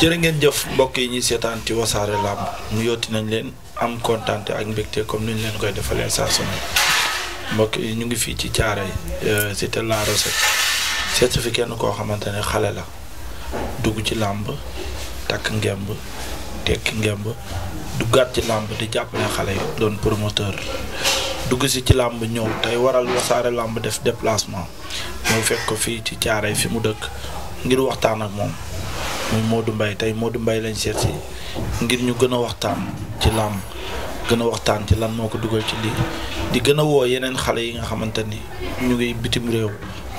jërë ngeen jëf mbokk yi ñuy seetaan ci wasaare làmb mu yotti nañ leen am kontaan ak mbégte comme ni ñu leen koy defalee saa mbokk yi ñu ngi fii ci caaray euh, cité La Recette seet fi kenn koo xamante ne xale la dugg ci làmb takk ngemb tekki ngemb duggaat ci làmb di jàppale xale yi doon promoteur dugg si ci làmb ñëw tey waral wasaare làmb def déplacement ñëw fekk ko fii ci caaray fi mu dëkk ngir waxtaan ak moom. muy du Mbaye tey moo du Mbaye lañ seet si ngir ñu gën a waxtaan ci làmb gën a waxtaan ci lan moo ko dugal ci lii di gën a woo yeneen xale yi nga xamante ni ñu ngi bitim réew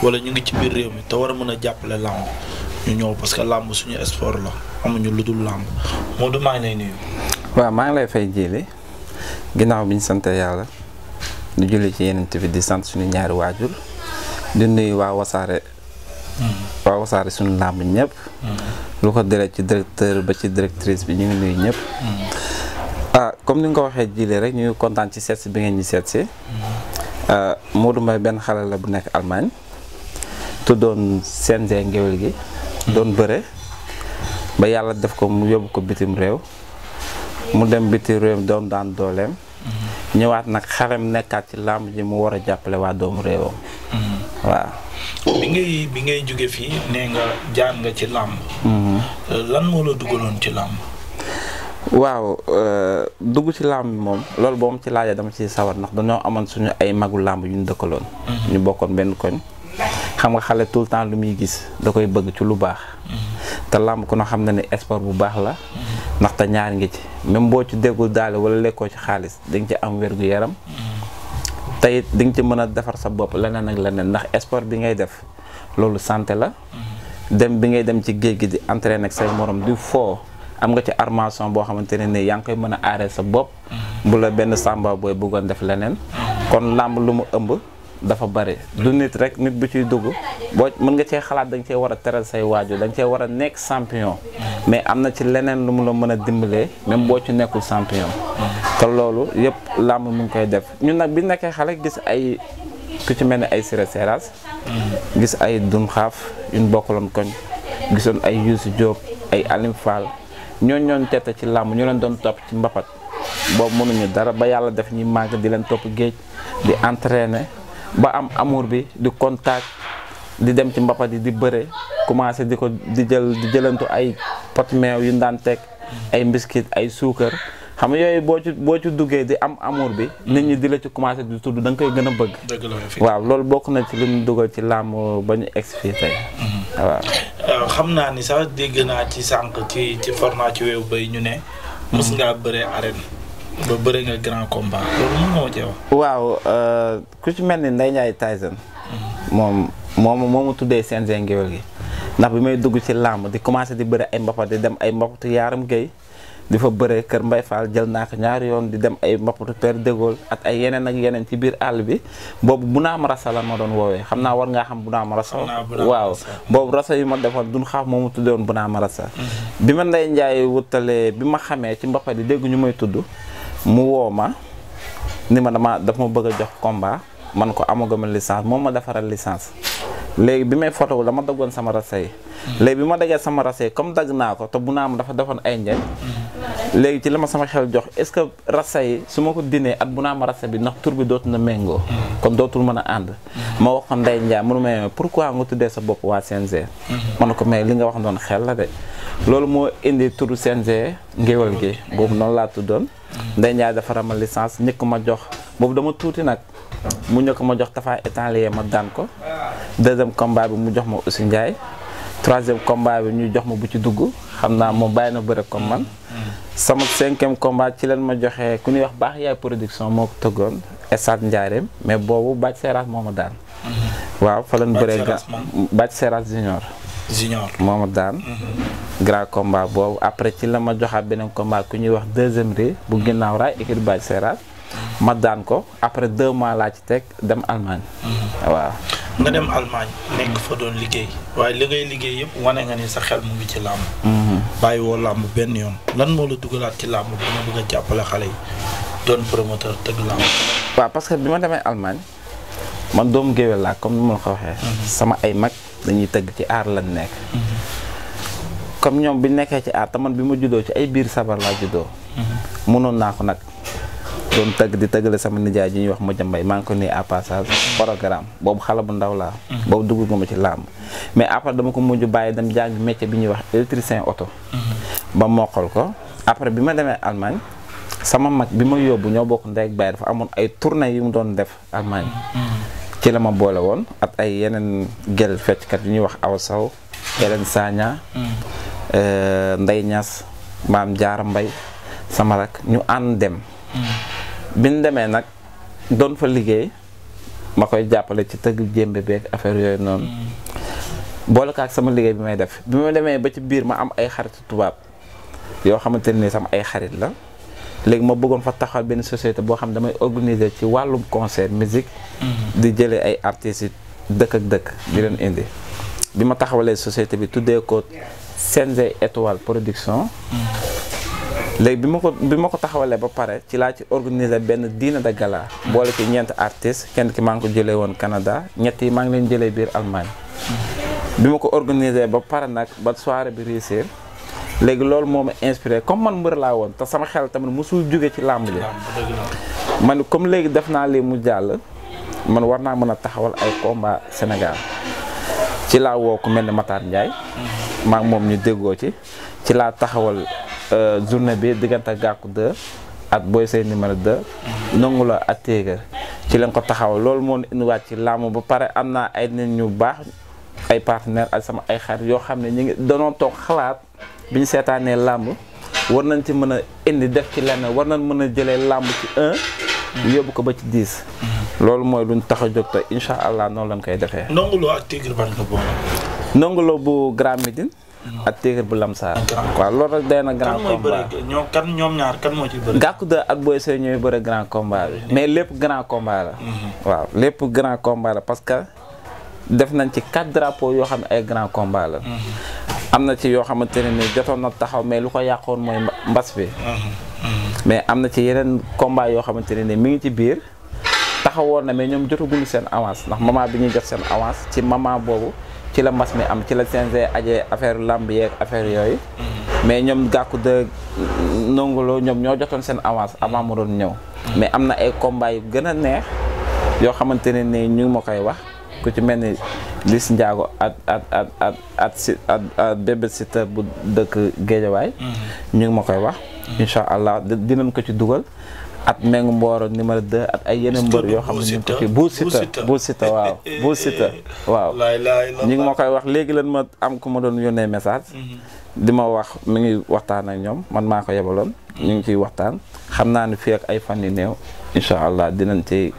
wala ñu ngi ci biir réew mi te war a mën a jàppale làmb ñu ñëw parce que làmb suñu sport la amuñu lu dul làmb Modou maa ngi lay nuyu. waaw maa ngi lay fay jéele ginnaaw bi ñu sant yàlla di julli ci yeneen bi di sant suñu ñaari waajur di nuyu waa wasaare. Mm-hmm. waa wasaare suñu làmb ñëpp mm-hmm. lu ko dere ci directeur ba ci directrice bi ñu ngi nuyu ñëpp mm-hmm. ah comme ni nga ko waxee jile rek ñu kontaan ci seetsi bi ngeen ñu seetsi ah, Modou Mbaye benn xale la bu nekk Allemagne tuddoon CNG ngéwél gi doon bëre ba yàlla def ko mu yóbbu ko bitim réew mu dem bitim réew doon daan dooleem ñëwaat nag xarem nekkaat ci làmb ji mu war a jàppale waa doomu réewam waaw. bi ngay bi ngay jóge fii nee nga jaar nga ci làmb. Mhm. Euh, lan moo la dugaloon ci làmb. waaw euh, dugg ci làmb moom loolu boo ma ci laajee dama ci sawar ndax dañoo amoon suñu ay magu làmb yu ñu dëkkaloon. Mhm. ñu bokkoon benn koñ. xam nga xale tout le temps lu muy gis da koy bëgg ci lu baax. Mhm. te làmb ku na xam na ne sport bu baax la. ndaxte ñaar ngi ci même boo ci déggul daale wala lekkoo ci xaalis dañ ci am wér gu yaram. tey di nga ci mën a defar sa bopp leneen ak leneen ndax sport bi ngay def loolu santé la dem bi ngay dem ci géej gi di entraîner nag say moroom du foo am nga ci armation boo xamante ne nii yaa ngi koy mën a aaree sa bopp bu la benn sàmba booy bëggoon def leneen kon làmb lu mu ëmb dafa bare du nit rek nit bu ciy dugg boo mën nga cee xalaat da cee war a teral say waajur da cee war a nekk champion mais am na ci leneen lu mu la mën a dimbalee même boo ci nekkul champion te loolu yëpp làmb mu ngi koy def ñun nag bi nekkee xale gis ay ku ci mel ne ay Siré gis ay dun xaaf yuñ bokkaloon koñ gisoon ay Youssou Diop ay Alim Fall ñooñ ñoon tette ci làmb ñu leen doon topp ci mbapat boobu mënuñu dara ba yàlla def ñi màgg di leen topp géej di entraîner ba am amour bi di contact di dem ci mbapat yi di bëre commencé di ko di jël di jëlantu ay pot meew yu daan teg ay mbiskit ay suukar xam nga yooyu boo ci boo ci duggee di am amour bi nit ñi di la ci commencé di tudd da nga koy gën a bëgg waaw loolu bokk na ci li mu dugal ci làmb ba ñu egsi fii tey mm-hmm. waaw euh, xam naa ni sax dégg naa ci sànq ci ci format ci weewu bay ñu ne mos mm-hmm. ngaa bëre arène ba bëre nga grand combat ci wax waaw euh, ku ci mel ni Ndeye Ndiaye Tyson moom moomu mu tuddee CNG ngéwél gi ndax bi may dugg ci làmb di commencé di bëre ay mbapat di dem ay mbapatu yaaram géy di fa bëre kër Mbay Fall jël naa ko ñaari yoon di dem ay mbappatu Père de ak ay yeneen ak yeneen ci biir àll bi boobu bu naa naam rasa la ma doon woowee xam naa war ngaa xam bu naa naam rasa waaw boobu rasa yi ma defoon duñ xaaf moomu tuddoon bu naam rasa mhm. bi ma Ndey Njaay wutalee bi ma xamee ci mbapat yi dégg ñu may tudd mu woo ma ni ma daf ma bëgg a jox combat man ko amaguma licence moom ma defaral licence léegi bi may photo dama daggoon sama rase yi léegi bi ma daggee sama rase comme dagg naa ko te bu naa am dafa defoon ay njëñ léegi ci la ma sama xel jox est-ce que rase yi su ma ko dinee at bu ma rase bi ndax tur bi dootu na méngoo kon dootul mën a ànd ma wax ko Ndeye Ndiaye mënu ma pourquoi nga tuddee sa bopp waa CNG ma ne ko mais li nga wax noonu xel la de loolu moo indi tur CNG ngéwal gi boobu noonu laa tuddoon Ndeye Ndiaye dafa ramal licence ma jox boobu dama tuuti nag mu ñëw ko ma jox dafa étalé ma daan ko deuxième combat bi mu jox ma Ousseynou Ndiaye troisième combat bi ñu jox ma bu ci dugg xam naa moom bàyyi na bëre comme man. sama cinquième combat ci leen ma joxee ku ñuy wax baax yaay production moo ko tëggoon Estade Ndiarème mais boobu Bac Seras moo ma daan. waaw fa leen bëree ga Bac Seras junior. junior moo ma daan. Mhm. grand combat boobu après ci la ma joxaat beneen combat ku ñuy wax deuxième ré bu ginnaaw raay équipe Bac Seras. ma daan ko après deux mois laa ci teg dem Allemagne. Mhm. waaw. nga dem Allemagne nekk fa doon liggéey waaye li ngay liggéey yëpp wane nga ni sa xel mu ngi ci làmb. Mhm. bàyyi woo làmb benn yoon lan moo la dugalaat ci làmb bi nga bëgg jàppale xale yi doon promoteur tëgg làmb. waa parce que bi ma demee Allemagne man doom géwél laa comme ni ma la ko waxee. Mhm. sama ay mag dañuy tëgg ci aar lan nekk. comme ñoom bi nekkee ci aar te man bi ma juddoo ci ay biir sabar laa juddoo. doon tagg di taggale sama nijaay yu ñuy wax Modja Mbaye maa ngi ko nuyu à passage programme boobu xale bu ndaw laa mhm. boobu dugg nga ma ci làmb mais après dama ko mujj bàyyi dem jàng métier bi ñuy wax électricien auto mhm. ba mokkal ko après bi ma demee Allemagne sama mag bi ma yóbbu ñoo bokk ndey ak dafa amoon ay tournée yu mu doon def Allemagne mhm. ci la ma boole woon ak ay yeneen gel fecckat yu ñuy wax Awa Sow Hélène Sagna euh, Ndey Ñas Maam Jaara Mbay sama rak ñu ànd dem biñ demee nag doon fa liggéey ma koy jàppale ci tëgg jémbe beeg affaire yooyu noonu mm. boole ko ak sama liggéey bi may def bi ma demee ba ci biir ma am ay xaritu tubaab yoo xamante ni sama ay xarit la léegi ma bëggoon fa taxawal benn société boo xam ne damay organiser ci wàllum concert musique mm. di jële ay artistes dëkk ak dëkk di leen indi bi ma taxawalee société bi tuddee ko CNG étoile production mm. léegi bi ma ko bi ma ko taxawalee ba pare ci laa ci organiser benn diina de gala boole ci ñeent artistes kenn ki maa ngi ko jëlee woon Canada ñetti maa ngi leen jëlee biir Allemagne bi ma ko organiser ba pare nag ba soirée bi réussir léegi loolu moom ma inspiré comme man mbër laa woon te sama xel tamit mosul jógee ci làmb ji man comme léegi def naa lii mu jàll man war naa mën a taxawal ay combat Sénégal ci laa woo ku mel ni Matar Ndiaye mm-hmm. maa ngi moom ñu déggoo ci ci laa taxawal Euh, journée bi diggante gàkku 2 ak Boy Seye numéro 2. Mhm. nangu la ak téegar ci lañ ko taxaw loolu moo indiwaat ci làmb ba pare am naa ay nit ñu baax ay partenaire ak sama ay xarit yoo xam ne ñu ngi danoo toog xalaat bi ñu seetaanee làmb war nañ ci mën a indi def ci lenn war nañ mën a jëlee làmb ci un yóbbu ko ba ci diis mhm. loolu mooy luñ tax a jóg te incha allah noonu lañ koy defee. ak Tigre bu Lamsaar. waaw loolu rek day na grand combat kan ñoom ñaar kan moo ci bëri. Gackou 2 ak Boy Seye ñooy grand combat bi mm-hmm. mais lépp grand combat la. Mm-hmm. waaw lépp grand combat la parce que def nañ ci quatre drapeaux yoo xam ne ay grand combat la. Mm-hmm. am na ci yoo xamante ne jotoon na taxaw mais lu ko yàqoon mooy mbas bi. mais am na ci yeneen combat yoo xamante ne ni mi ngi ci biir. taxawoon na mais ñoom jotaguñu seen avance ndax moment bi ñuy jot seen avance ci moment boobu. ci la mbas mi am ci la CNG ajee affaire lamb yeeg affaire yooyu. Mhm. mais ñoom gàkku de nongolo ñoom ñoo jotoon seen avance avant mu doon ñëw. Mhm. mais am na ay combat yu gën a neex yoo xamante ne ni ñu ma koy wax ku ci mel ni Liss Ndiago at at at at at si at at bébé sita bu dëkk Géejawaay. Mhm. ñu ngi ma koy wax. incha allah dinañ ko ci dugal. at mengu mbooro numéro 2 at ay yeneen mbër yoo xam ne ñu ngi ko fi Bou Siteu waaw eh, eh, eh, Bou Siteu ñi ngi ma koy wax léegi lan ma am ku ma doon yónnee message mhm. di ma wax mi ngi waxtaan ak ñoom man maa ko yebaloon mhm. ñu ngi ciy waxtaan xam naa ni fii ak ay fan yu néew incha allah dinañ ci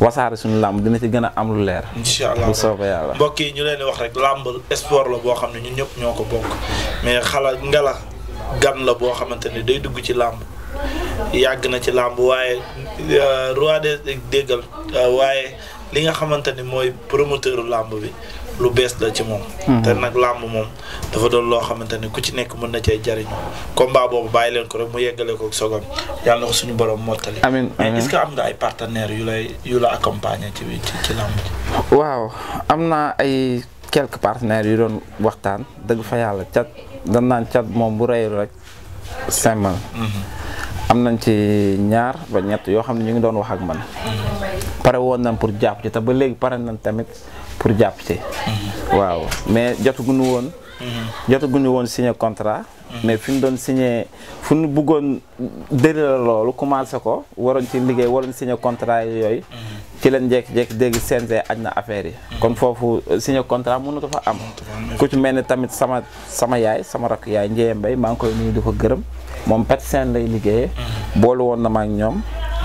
wasaare suñu làmb dina ci gën a am lu leer. allah bu soobee yàlla. mbokk yi ñu leen wax rek làmb sport la boo xam ne ñun ñëpp ñoo ko bokk mais xalaat ngala gan la boo xamante ne day dugg ci làmb yàgg na ci làmb waaye euh, roi des déggal euh, waaye li nga xamante ni mooy promoteur làmb bi lu bees la ci moom. Hmm. te nag làmb moom dafa doon loo xamante ni ku ci nekk mën na cee jariñ combat boobu bàyyi leen ko rek mu yeggale ko sogam yàlla suñu borom mottali. amiin amiin mais est am nga ay partenaires yu lay yu la accompagner ci ci ci waaw am na ay quelque partenaires yu doon waxtaan dëgg fa yàlla cat dañ ca moom bu reyul rek simple. Hmm. am nañ ci ñaar ba ñett yoo xam ne ñu ngi doon wax ak man pare woon nañ pour jàpp ci te ba léegi pare nañ tamit pour jàpp ci. waaw mais jotaguñu woon. jotaguñu woon signé contrat. mais fi ñu doon signé fu ñu bëggoon dëri la loolu commencé ko waroon ci liggéey waroon signé contrat yooyu. ci leen jékki-jékki dégg CNG aj na affaire yi. kon foofu signé contrat mënatu fa am. ku ci mel ne tamit sama sama yaay sama rakk yaay Ndiéye Mbaye maa ngi koy nuyu di ko gërëm. moom PETSEN lay liggéeyee. Mm-hmm. boolu woon na ak ñoom.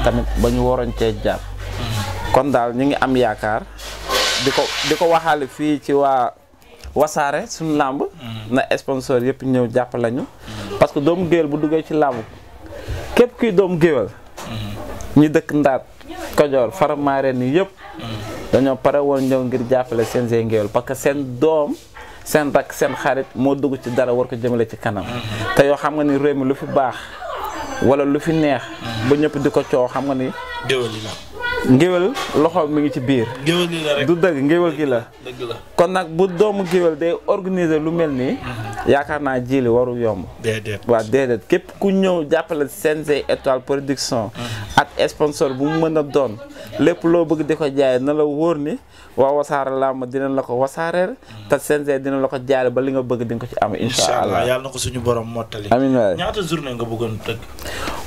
tamit ba ñu waroon cee jàpp. Mm-hmm. kon daal ñu ngi am yaakaar di ko di ko waxaale fii ci waa wasaare suñu làmb. Mm-hmm. na sponsor yëpp ñëw jàpp lañu. parce que doomu géwél bu duggee ci làmb képp kuy doomu géwél. ñu dëkk ndaat Kajoor Fara Mareen yi yëpp. dañoo pare woon ñëw ngir jàppale seen seen géwél parce que seen doom. seen rakk seen xarit moo dugg ci dara war ko jëmale ci kanam te yow xam nga ni réew mi lu fi baax wala lu fi neex ba ñëpp di ko coow xam nga ni ngéwél loxo mu ngi ci biir du dëgg ngéwél gi la kon nag bu doomu ngéwél day organiser lu mel nii mhm. yaakaar naa jili waru yomb waaw déedéet képp ku ñëw jàppale CNG étoile production uh-huh. ak sponsor bu mu mën a doon lépp loo bëgg di ko jaay na la wóor ni waa wasaare ma dinañ la ko wasaareel te CNG dina la ko uh-huh. jaay ba li nga bëgg di ko ci am incha allah yàlla na ko suñu borom mottali amiin waay ñaata journée nga bëggoon tëgg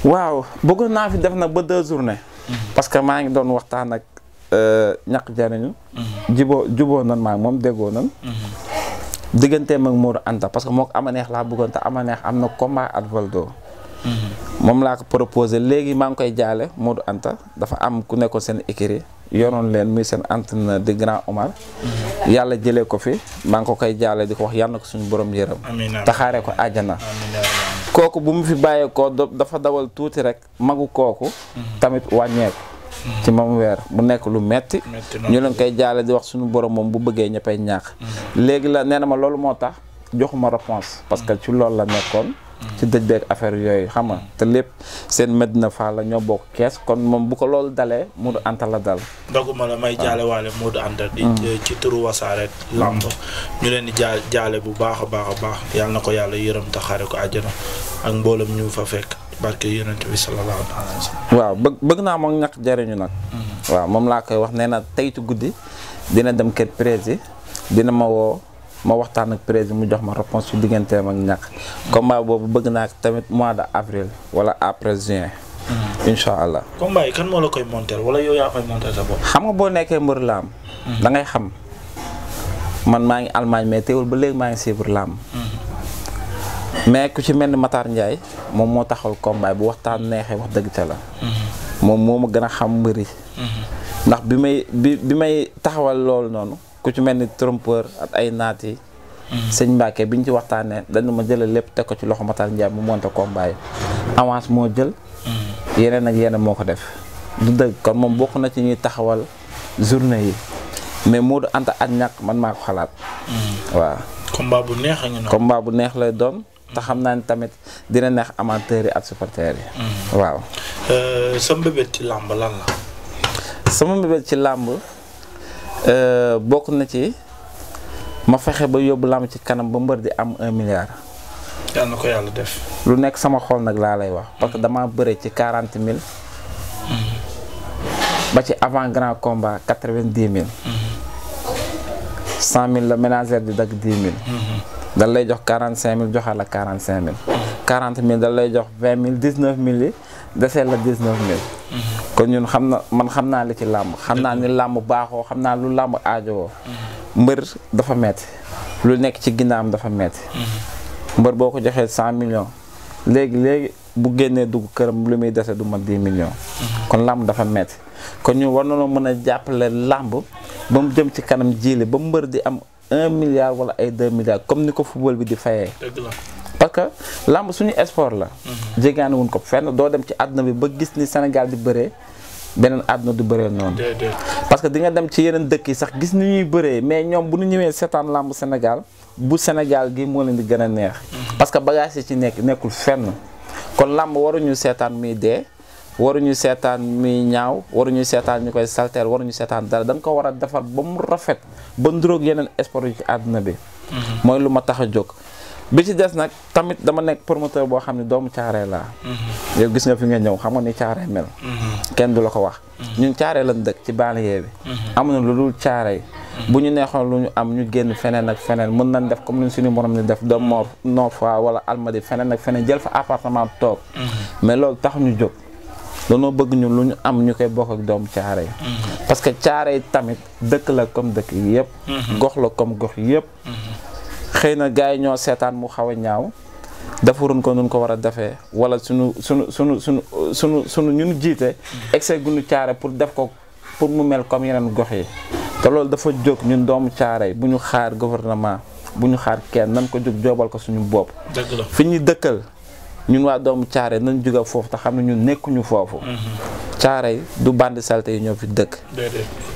waaw bëggoon naa fi def na ba deux journées uh-huh. parce que maa ngi doon waxtaan ak euh, ñaq jariñu jiboo juboo nan maa moom déggoo nan digganteem ak Modou Anta parce que moo ko ama neex laa bëggoon te ama neex am na combat ak Valdo moom laa ko proposé léegi maa ngi koy jaale Modou Anta dafa am ku nekkoon seen écurie yoroon leen muy seen entraîneur di grand Omar. yàlla jëlee ko fi maa ngi ko koy jaale di ko wax yàlla na ko suñu borom yërëm. taxaare ko àjjana. kooku bu mu fi bàyyeekoo dafa dawal tuuti rek magu kooku. Mm-hmm. tamit wàññeeku. ci mam weer mu nekk lu metti ñu leen koy jaale di wax suñu borom moom bu bëggee ñëppay ñaax léegi la nee na ma loolu moo tax joxuma réponse parce que ci loolu la nekkoon ci dëj beeg affaire yooyu xam nga te lépp seen na Fall la ñoo bokk kees kon moom bu ko loolu dalee Modou Anta la dal doguma la may jaale waale Modou Anta di mm. ci turu wasaare làmb ñu leen di jaal jaale bu baax a baax baax yàlla na ko yàlla yërëm te xare ko àjjana ak mboolam ñu fa fekk barke yonent bi waaw bëgg naa moom ñax jariñu nag. Mhm. waaw moom laa koy wax nee na teytu guddi dina dem kër prési dina ma woo ma waxtaan ak prési mu jox ma réponse su digganteem ak ñax. Mhm. combat boobu bëgg naa tamit mois de avril wala après juin. Mhm. incha allah. combat yi moo la koy monter wala yow yaa koy monter sa bopp. xam nga boo nekkee mbër laam. da ngay xam man maa ngi Allemagne mais teewul ba léegi maa ngi suivre laam. mais ku ci mel ni Matar Ndiaye moom moo taxawal combat bu waxtaan neexee wax dëgg te la. moom moo ma gën a xam mbëri. ndax bi may bi may taxawal loolu noonu ku ci mel ni trompeur ak ay naat yi. sëñ Mbacke biñ ci waxtaanee dañu ma jëlee lépp teg ko ci loxo Matar Ndiaye mu monté combat yi avance moo jël. yeneen ak yeneen moo ko def. du dëgg kon moom bokk na ci ñuy taxawal journée yi mais Modou Anta ak ñàkk man maa xalaat. Mm-hmm. waaw. combat bu bu neex lay doon. te xam naa ni tamit dina neex amanteur yi ak supporters yi. Mhm. waaw. Euh, sa mbébét ci làmb lan sama mbébét ci làmb euh, bokk na ci ma fexe ba yóbbu làmb ci kanam ba mbër di am un milliard. yàlla na ko yàlla def. lu nekk sama xol nag laa lay wax parce que mhm. dama bëre ci quarante mille. Mhm. ba ci avant grand combat quatre vingt dix mille. cent mille la ménagère di dagg dix dal lay jox quarante cinq mille joxal la quarante cinq mille quarante mille dal lay jox vingt mille dix neuf mille yi desee la dix neuf mille kon ñun xam na man xam naa li ci làmb xam naa ni làmb baaxoo xam naa lu làmb aajowoo mbër dafa metti lu nekk ci ginnaam dafa metti mbër boo ko joxee cent millions léegi léegi bu génnee dugg këram lu muy dese du mat dix millions kon làmb dafa metti kon ñun war nañoo mën a jàppale làmb ba mu jëm ci kanam jiile ba mbër di am un milliard wala ay deux milliards comme ni ko football bi di fayee. parce que lamb suñu sport la. Mhm. jéggaani wuñ ko fenn doo dem ci àdduna bi ba gis ni Sénégal di bëree beneen àdduna du bëree noonu. parce que di nga dem ci yeneen dëkk yi sax gis ni ñuy bëree mais ñoom bu ñu ñëwee seetaan làmb senegal bu Sénégal gi moo leen di gën a neex. Mhm. parce que bagage yi ci nekk nekkul fenn kon lamb waruñu seetaan muy dee. waruñu seetaan muy ñaaw waruñu seetaan ñu koy salteel waruñu seetaan dara da nga ko war a defar ba mu rafet ba nduróog yeneen sport yi ci àdduna bi mhm. mooy lu ma tax a jóg bi ci des nag tamit dama nekk promoteur boo xam ne doomu caaree laa mhm. yow gis nga fi nga ñëw xam nga ni caaree mel mhm. kenn du la ko wax ñun caaree lan dëkk ci yee bi na lu dul caaree bu ñu neexoon lu ñu am ñu génn feneen ak feneen mën nañ def comme ni suñu morom ni def doom Nord Nord Foire wala Almadies feneen ak feneen jël fa appartement toog mais loolu tax ñu jóg danoo bëgg ñu lu ñu am ñu koy bokk ak doomu caare yi mhm. parce que caare yi tamit dëkk la comme dëkk yëpp mhm. gox la comme gox yëpp mhm. xëy na gars yi ñoo seetaan mu xaw a ñaaw defaruñ ko nun ko war a defee wala suñu suñu suñu suñu suñu suñu ñun jiite excès gunu caare pour def ko pour mu mel comme yeneen gox yi te loolu dafa jóg ñun doomu caare yi bu ñu xaar gouvernement bu ñu xaar kenn nan ko jóg joobal ko suñu bopp fi ñuy dëkkal ñun waa doomu caare nañ jóge foofu te xam ne ñun nekkuñu foofu caare mhm. du band salte yi ñoo fi dëkk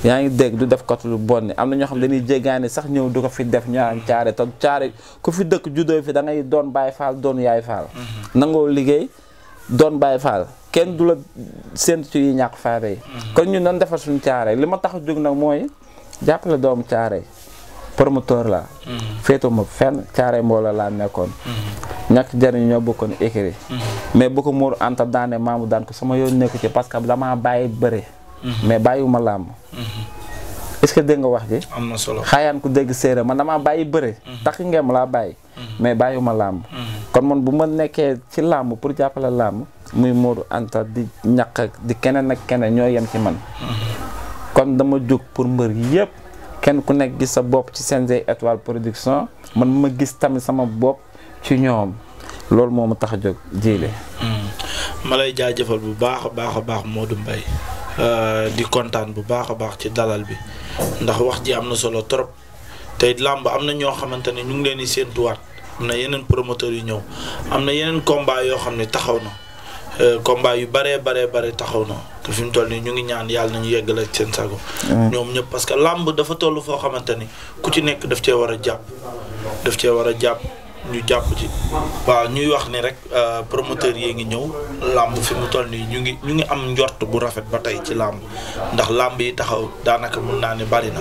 yaa ngi dégg du def kot lu bon am na ñoo xam ne dañuy jéggaane sax ñëw du ko fi def ñaan caare te caare ku fi dëkk juddoo fi da ngay doon Baay Faal doon Yaay Faal mhm. nangoo liggéey doon Baay Faal kenn du la séntu ci yi ñàkk faare yi kon ñun nan defar suñu caare li ma tax a jóg nag mooy jàppale doomu caare promoteur la mhm. ma fenn caare mbooloo laa nekkoon mhm. ñàkk jariñ ñoo bokkoon écrit mhm. mais bu ko muur anta daane maamu daan ko sama yoon nekku ci parce que damaa bàyyi bëre mais bàyyiwuma làmb est-ce que dégg nga wax ji am na solo xaayaan dégg séeréer man damaa bàyyi bëre takk ngeem laa bàyyi mais bàyyiwu ma laam kon man bu ma nekkee ci làmb pour jàppale làmb muy Modou Anta di ñaq di keneen ak keneen ñoo yem ci man kon dama jóg pour mbër yëpp kenn ku nekk di sa bopp ci Sen Étoile Production man ma gis tamit sama bopp ci ñoom loolu moom ma tax a jóg jiile. Hmm. ma lay jaajëfal bu baax a baax a baax moo Modou Mbaye euh, di kontaan bu baax a baax ci dalal bi ndax wax ji am na solo trop tey làmb am na ñoo xamante ne ñu ngi leen di séentuwaat am na yeneen promoteurs yu ñëw am na yeneen combat yoo xam ne taxaw na. Euh, combat yu bëree bëree bëri taxaw na te fi mu toll nii ñu ngi ñaan yàlla nañu yeggal ak seen sago. ñoom ñëpp parce que làmb dafa toll foo xamante ni ku ci nekk daf cee war a jàpp daf cee war a jàpp ñu jàpp ci. waaw ñuy wax ni rek euh, promoteur yee ngi ñëw làmb fi mu toll nii ñu ngi ñu am njort bu rafet ba tey ci làmb ndax làmb yi taxaw daanaka mun naa ne bari na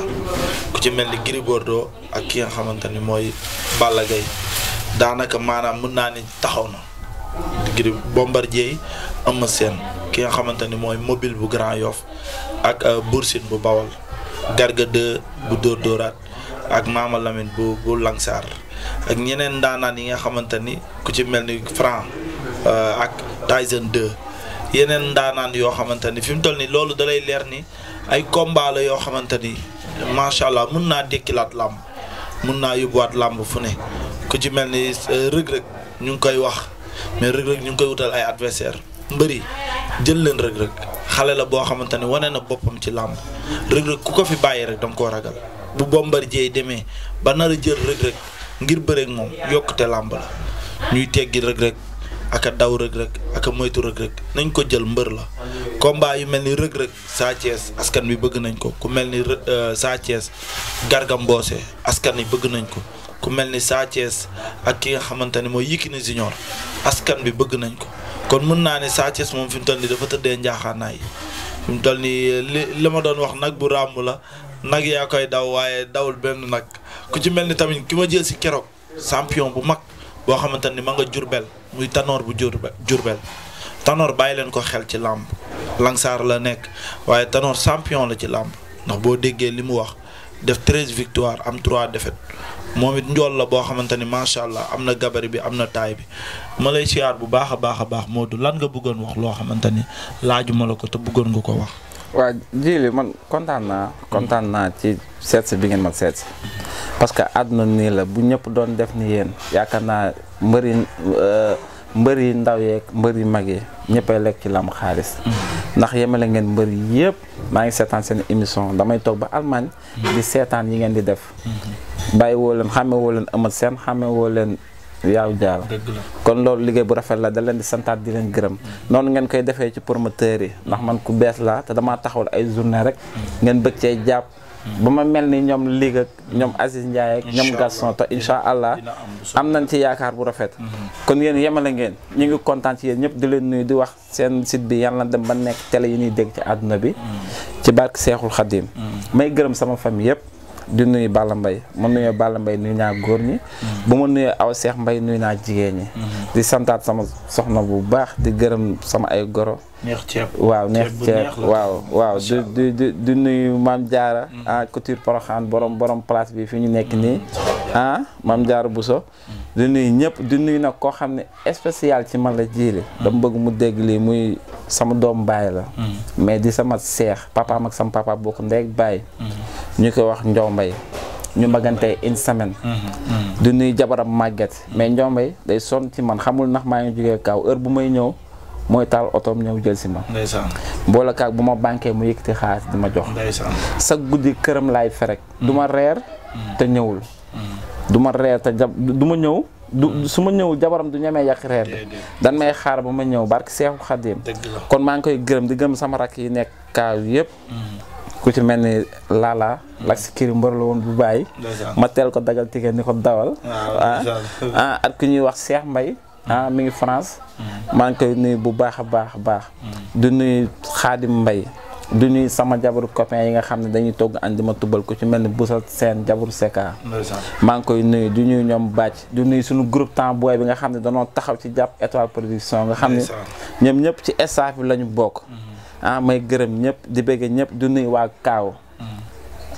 ku ci mel ni Gris ak ki nga xamante ni mooy Balla Gaye daanaka maanaam mun naa ne taxaw na. Gris Bombardier Eumeu Sène ki nga xamante ni mooy mobile bu Grand Yoff ak euh, Bour Sine bu Bawol Garga 2 bu Dóor Dóoraat ak Mama Lamine bu bu Langsar ak ñeneen ndaanaan yi nga xamante ni ku ci mel ni Franc euh, ak Tyson 2 yeneen ndaanaan yoo xamante ni fi mu toll ni loolu dalay leer ni ay combat yoo xamante ni macha allah mun naa dekkilaat làmb mun naa yóbbuwaat làmb fu ne ku ci mel ni euh, rëg-rëg ñu ngi koy wax mais Reug Reug ñu ngi koy wutal ay mbër yi jël leen Reug Reug xale la boo xamante ne wane na boppam ci làmb Reug Reug ku ko fi bàyyi rek danga koo ragal bu Bombardier demee ba nar a jël Reug Reug ngir bëreeg moom yokkute làmb la ñuy teggi Reug Reug aka daw Reug Reug aka moytu Reug Reug nañ ko jël mbër la combat yu mel ni Reug Reug Sa Thiès askan bi euh, bëgg nañ ko ku mel ni Sa Thiès Garga Mbossé askan yi bëgg nañ ko ku mel ni Sa ak ki nga xamante ne mooy Yékini Junior askan bi bëgg nañ ko kon mën naa ne Sa Thiès moom fi mu toll nii dafa tëddee njaaxaanaay fi mu toll nii li li ma doon wax nag bu ràmbu la nag yaa koy daw waaye dawul benn nag ku ci mel ni tamit ki ma jël si keroog sampion bu mag boo xamante ni ma nga Jurbel muy tanoor bu Jurbel Jurbel Tanor bàyyi leen ko xel ci làmb saar la nekk waaye Tanor champion la ci làmp ndax boo déggee li mu wax def treize victoire am trois défaites moom it njool la boo xamante ni macha allah am na gabari bi am na taay bi ma lay bu baax a baax a baax Modou lan nga bëggoon wax loo xamante ni laajuma la ko te bëggoon nga ko wax. waaw jili man kontaan naa kontaan naa ci seetsi bi ngeen ma seetsi parce que àdduna nii la bu ñëpp doon def ni yéen yaakaar naa mbër euh, mbëri ndaw yeeg mbëri mag yi ñëppay lekk ci lam xaalis ndax yemale ngeen mbëri yëpp maa ngi seetaan seen émission damay toog ba Allemagne di seetaan yi ngeen di def bàyyi woo leen xàmme woo leen amat seen xàmme woo leen yaaw jaal kon loolu liggéey bu rafet la da leen di santaat di leen gërëm noonu ngeen koy defee ci pour promoteurs yi ndax man ku bees laa te damaa taxawal ay journée rek ngeen bëgg cee jàpp hmm. ba ma mel ni ñoom Ligue ak ñoom Aziz Ndiaye ak ñoom Gaston incha allah am nañ ci yaakaar bu rafet hmm. kon yéen yemale ngeen ñu ngi kontaan ci yéen ñëpp di leen nuyu di wax seen sit bi yàlla dem ba nekk télé yi ñuy dégg ci àdduna bi hmm. ci barke Seexul Xadim may gërëm sama famille yëpp di nuyu Balla mbay ma nuyoo Balla mbay nuyu naa góor ñi mm-hmm. bu ma nuyoo aw Seex mbay nuyu naa jigéen ñi mm-hmm. di santaat sama soxna bu baax di gërëm sama ay goro waaw neex ceeb waaw waaw du du nuyu maam jaara mm. ah couture poroxaan boroom boroom place bi fi ñu nekk nii mm. ah maam jaara buso mm. du nuyu ñëpp du nuyu nag koo xam ne spécial ci man la jiili dama bëgg mu dégg lii muy sama doom baay la mais di sama seex papaam ak sama papa bokk ndeeg baay ñu koy wax Ndiombay ñu magante une semaine du nuy jabaram màgget mais njombay day sonn ci man xamul ndax maa ngi jógee kaw heure bu may ñëw mooy taal otoom ñëw jël si ma. ndeysaan boole kaag bu ma banquee mu yëkkati xaalis di ma jox. ndeysaan sa guddi këram laay ferek. du ma reer. Mm. te ñëwul. Mm. du ma reer te jab du ma ñëw. du mm. su ma ñëwul jabaram du ñemee yàq reer bi dan may xaar ba ma ñëw barki Seexu Xadim kon maa ngi koy gërëm di gërëm sama rakk yi nekk kaaw yëpp ku ci mel ni Lala lak si kiri mbër la woon bu bàyyi ma teel ko dagal ticket ni ko dawal ah, ah, ak ki ñuy wax Seex Mbay ah mi ngi France. Mm-hmm. maa ngi koy nuyu bu baax a baax a baax. Mm-hmm. du nuyu Xaadim Mbay du nuyu sama jabaru copain yi nga xam ne dañuy togg añ di ma tubal ko ci mel ni Boussa seen jabaru Seka. maa ngi koy nuyu du nuyu ñoom bàcc du nuyu suñu groupe temps booy bi nga xam ne danoo taxaw ci jàpp étoile production nga xam ne. ñoom ñëpp ci staff bi la ñu bokk. Mm-hmm. ah may gërëm ñëpp di bëgg ñëpp du nuyu waa Kaaw.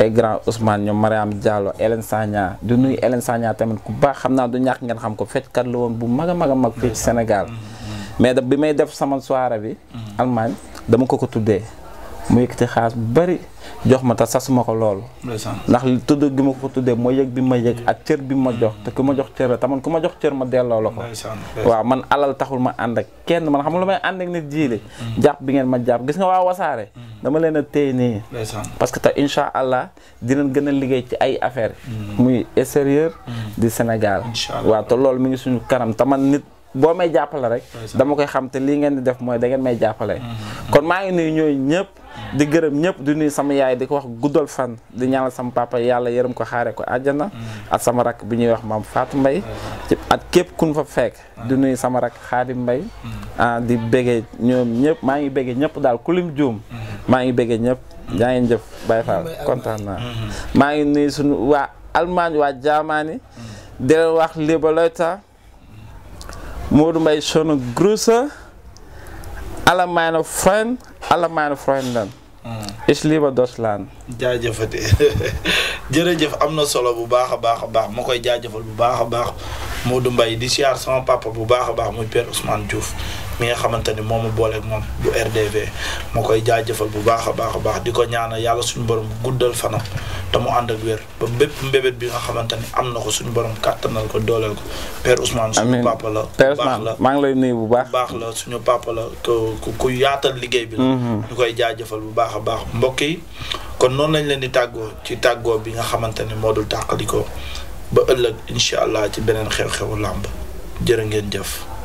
ay grand Ousmane ñoom Mariam Diallo Hélène Sagna du nuyu Hélène Sagna tamit ku baax xam naa du ñàkk ngeen xam ko fecckat la woon bu mag a mag a mag fii ci Sénégal mm-hmm. mais da bi may def sama soirée bi mm-hmm. Allemagne dama ko ko tuddee mu yëkkati xaas bu bari jox ma te sasuma ko loolu ndax tudd gi ma ko tuddee moo yëg bi ma yëg ak cër bi ma jox te ku ma jox cër la te ku ma jox cër ma delloo la ko waa man alal taxul ma ànd ak kenn man xam lu may ànd ak nit jiili mm. jàpp bi ngeen ma jàpp gis nga waa wasaare mm. dama leen a téye nii parce que te incha allah dinañ gën a liggéey ci ay affaire mm. muy extérieur di Sénégal waaw te loolu mu ngi suñu kanam te man nit boo may jàppale rek dama koy xam te lii ngeen di def mooy da ngeen may jàppale mm-hmm. kon maa ngi di gërëm ñëpp di nuyu sama yaay di ko wax guddal fan di ñaanal sama papa yàlla yërëm ko xaaree ko àjjana mm. ak sama rakk bi ñuy wax maam Fatou mbay mm. ak képp kun fa fekk di nuyu sama rakk Xaadim mbay mm. ah di béggee ñoom ñëpp maa ngi béggee ñëpp daal kulim juum maa ngi béggee ñëpp jaa ngeen jëf Baye Fall mm-hmm. maa ngi nuyu suñu waa Allemagne waa Jaamaani di leen wax liba loyta Modou Mbaye sono grossa alla meine Freund alla meine Freundin mm. ich liebe Deutschland jaajëfate jërëjëf am na solo bu baax a baax a baax ma koy jaajëfal bu baax a baax moo du mbay di siyaar sama papa bu baax a baax muy père Ousmane Diouf mi nga xamante ni moom mu booleeg moom bu RDV ma koy jaajëfal bu baax a baax a baax di ko ñaanal yàlla suñu borom guddal fanam te mu ànd ak wér ba bépp mbébét bi nga xamante ni am na ko suñu borom kàttanal ko dooleel ko Père Ousmane suñu papa la Père Ousmane maa ngi lay nuyu bu baax baax la suñu papa la ku ku yaatal liggéey bi la mm-hmm. ñu koy jaajëfal bu baax a baax mbokk yi kon noonu lañ leen di tàggoo ci tàggoo bi nga xamante ni moo dul tàqalikoo ba ëllëg incha allah ci beneen xew-xewu làmb ngeen jëf